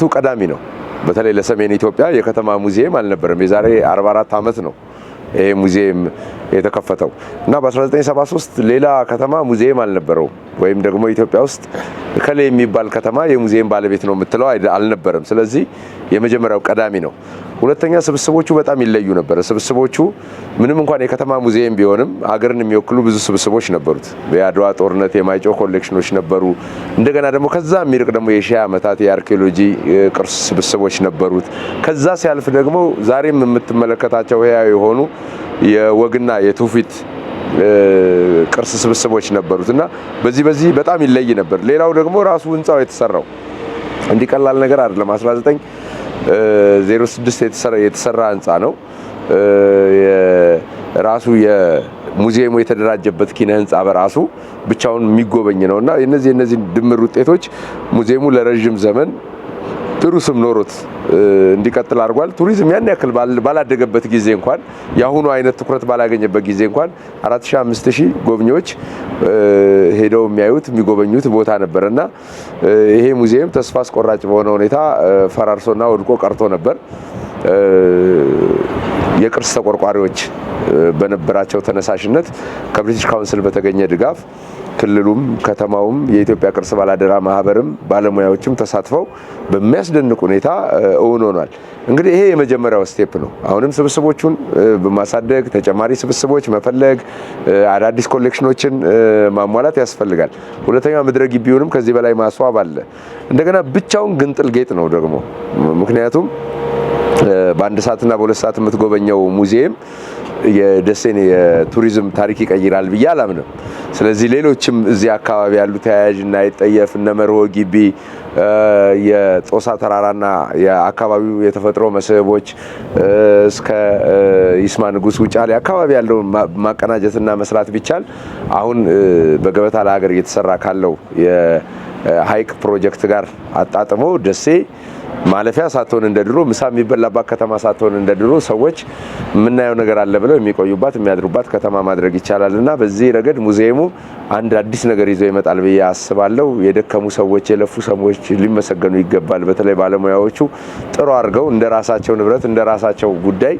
በወቅቱ ቀዳሚ ነው። በተለይ ለሰሜን ኢትዮጵያ የከተማ ሙዚየም አልነበረም። የዛሬ 44 ዓመት ነው ይሄ ሙዚየም የተከፈተው እና በ1973 ሌላ ከተማ ሙዚየም አልነበረውም። ወይም ደግሞ ኢትዮጵያ ውስጥ ከሌ የሚባል ከተማ የሙዚየም ባለቤት ነው የምትለው አልነበረም። ስለዚህ የመጀመሪያው ቀዳሚ ነው። ሁለተኛ ስብስቦቹ በጣም ይለዩ ነበረ። ስብስቦቹ ምንም እንኳን የከተማ ሙዚየም ቢሆንም አገርን የሚወክሉ ብዙ ስብስቦች ነበሩት። የአድዋ ጦርነት የማይጨው ኮሌክሽኖች ነበሩ። እንደገና ደግሞ ከዛ የሚርቅ ደግሞ የሺህ ዓመታት የአርኪኦሎጂ ቅርስ ስብስቦች ነበሩት። ከዛ ሲያልፍ ደግሞ ዛሬም የምትመለከታቸው ህያው የሆኑ የወግና የትውፊት ቅርስ ስብስቦች ነበሩት እና በዚህ በዚህ በጣም ይለይ ነበር። ሌላው ደግሞ ራሱ ህንፃው የተሰራው እንዲቀላል ነገር አይደለም 19 06 የተሰራ ነው። ራሱ የሙዚየሙ የተደራጀበት ኪነ ህንፃ በራሱ ብቻውን የሚጎበኝ ነውና እነዚህ እነዚህ ድምር ውጤቶች ሙዚየሙ ለረዥም ዘመን ጥሩ ስም ኖሮት እንዲቀጥል አድርጓል። ቱሪዝም ያን ያክል ባላደገበት ጊዜ እንኳን የአሁኑ አይነት ትኩረት ባላገኘበት ጊዜ እንኳን 4500 ጎብኚዎች ሄደው የሚያዩት የሚጎበኙት ቦታ ነበር እና ይሄ ሙዚየም ተስፋ አስቆራጭ በሆነ ሁኔታ ፈራርሶና ወድቆ ቀርቶ ነበር። የቅርስ ተቆርቋሪዎች በነበራቸው ተነሳሽነት ከብሪቲሽ ካውንስል በተገኘ ድጋፍ ክልሉም ከተማውም የኢትዮጵያ ቅርስ ባላደራ ማህበርም ባለሙያዎችም ተሳትፈው በሚያስደንቅ ሁኔታ እውን ሆኗል። እንግዲህ ይሄ የመጀመሪያው ስቴፕ ነው። አሁንም ስብስቦቹን በማሳደግ ተጨማሪ ስብስቦች መፈለግ፣ አዳዲስ ኮሌክሽኖችን ማሟላት ያስፈልጋል። ሁለተኛ ምድረ ግቢውንም ከዚህ በላይ ማስዋብ አለ። እንደገና ብቻውን ግንጥል ጌጥ ነው ደግሞ ምክንያቱም በአንድ ሰዓትና በሁለት ሰዓት የምትጎበኘው ሙዚየም የደሴን የቱሪዝም ታሪክ ይቀይራል ብዬ አላምንም። ስለዚህ ሌሎችም እዚህ አካባቢ ያሉ ተያያዥ እና የጠየፍ እነ መርሆ ግቢ፣ የጦሳ ተራራና የአካባቢው የተፈጥሮ መስህቦች እስከ ይስማ ንጉሥ ውጫሌ አካባቢ ያለውን ማቀናጀትና መስራት ቢቻል አሁን በገበታ ለሀገር እየተሰራ ካለው የሀይቅ ፕሮጀክት ጋር አጣጥሞ ደሴ ማለፊያ ሳትሆን እንደ ድሮ ምሳ የሚበላባት ከተማ ሳትሆን እንደ ድሮ ሰዎች የምናየው ነገር አለ ብለው የሚቆዩባት የሚያድሩባት ከተማ ማድረግ ይቻላል እና በዚህ ረገድ ሙዚየሙ አንድ አዲስ ነገር ይዞ ይመጣል ብዬ አስባለሁ። የደከሙ ሰዎች፣ የለፉ ሰዎች ሊመሰገኑ ይገባል። በተለይ ባለሙያዎቹ ጥሩ አድርገው እንደ ራሳቸው ንብረት እንደ ራሳቸው ጉዳይ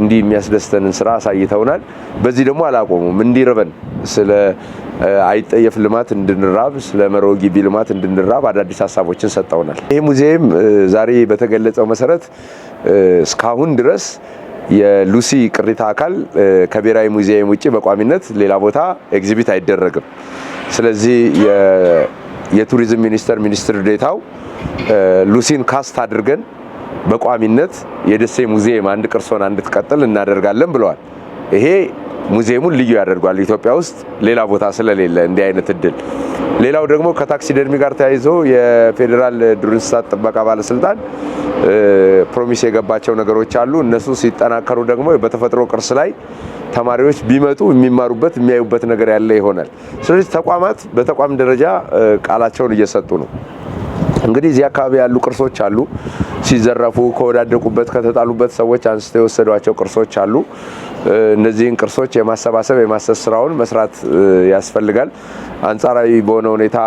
እንዲህ የሚያስደስተንን ስራ አሳይተውናል። በዚህ ደግሞ አላቆሙም እንዲርበን ስለ አይጠየፍ ልማት እንድንራብ ስለ መርሆ ግቢ ልማት እንድንራብ አዳዲስ ሀሳቦችን ሰጠውናል። ይህ ሙዚየም ዛሬ በተገለጸው መሰረት እስካሁን ድረስ የሉሲ ቅሪተ አካል ከብሔራዊ ሙዚየም ውጭ በቋሚነት ሌላ ቦታ ኤግዚቢት አይደረግም። ስለዚህ የቱሪዝም ሚኒስቴር ሚኒስትር ዴታው ሉሲን ካስት አድርገን በቋሚነት የደሴ ሙዚየም አንድ ቅርሶን እንድትቀጥል እናደርጋለን ብለዋል። ይሄ ሙዚየሙን ልዩ ያደርጓል። ኢትዮጵያ ውስጥ ሌላ ቦታ ስለሌለ እንዲህ አይነት እድል። ሌላው ደግሞ ከታክሲ ደርሚ ጋር ተያይዞ የፌዴራል ዱር እንስሳት ጥበቃ ባለስልጣን ፕሮሚስ የገባቸው ነገሮች አሉ። እነሱ ሲጠናከሩ ደግሞ በተፈጥሮ ቅርስ ላይ ተማሪዎች ቢመጡ የሚማሩበት የሚያዩበት ነገር ያለ ይሆናል። ስለዚህ ተቋማት በተቋም ደረጃ ቃላቸውን እየሰጡ ነው። እንግዲህ እዚህ አካባቢ ያሉ ቅርሶች አሉ፣ ሲዘረፉ ከወዳደቁበት ከተጣሉበት ሰዎች አንስተው የወሰዷቸው ቅርሶች አሉ። እነዚህን ቅርሶች የማሰባሰብ የማሰስ ስራውን መስራት ያስፈልጋል። አንጻራዊ በሆነ ሁኔታ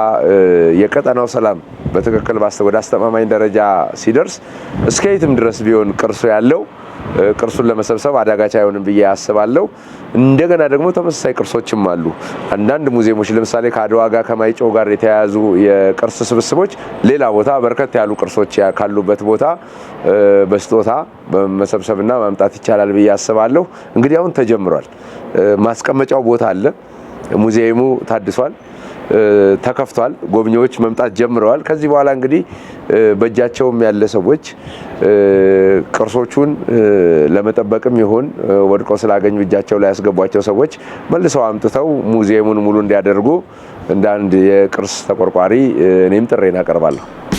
የቀጠናው ሰላም በትክክል ወደ አስተማማኝ ደረጃ ሲደርስ እስከየትም ድረስ ቢሆን ቅርሱ ያለው ቅርሱን ለመሰብሰብ አዳጋች አይሆንም ብዬ አስባለሁ። እንደገና ደግሞ ተመሳሳይ ቅርሶችም አሉ። አንዳንድ ሙዚየሞች ለምሳሌ ከአድዋ ጋር ከማይጨው ጋር የተያያዙ የቅርስ ስብስቦች ሌላ ቦታ በርከት ያሉ ቅርሶች ካሉበት ቦታ በስጦታ መሰብሰብና ማምጣት ይቻላል ብዬ አስባለሁ። እንግዲህ አሁን ተጀምሯል። ማስቀመጫው ቦታ አለ። ሙዚየሙ ታድሷል። ተከፍቷል። ጎብኚዎች መምጣት ጀምረዋል። ከዚህ በኋላ እንግዲህ በእጃቸውም ያለ ሰዎች ቅርሶቹን ለመጠበቅም ይሁን ወድቆ ስላገኙ እጃቸው ላይ ያስገቧቸው ሰዎች መልሰው አምጥተው ሙዚየሙን ሙሉ እንዲያደርጉ እንደ አንድ የቅርስ ተቆርቋሪ እኔም ጥሬን አቀርባለሁ።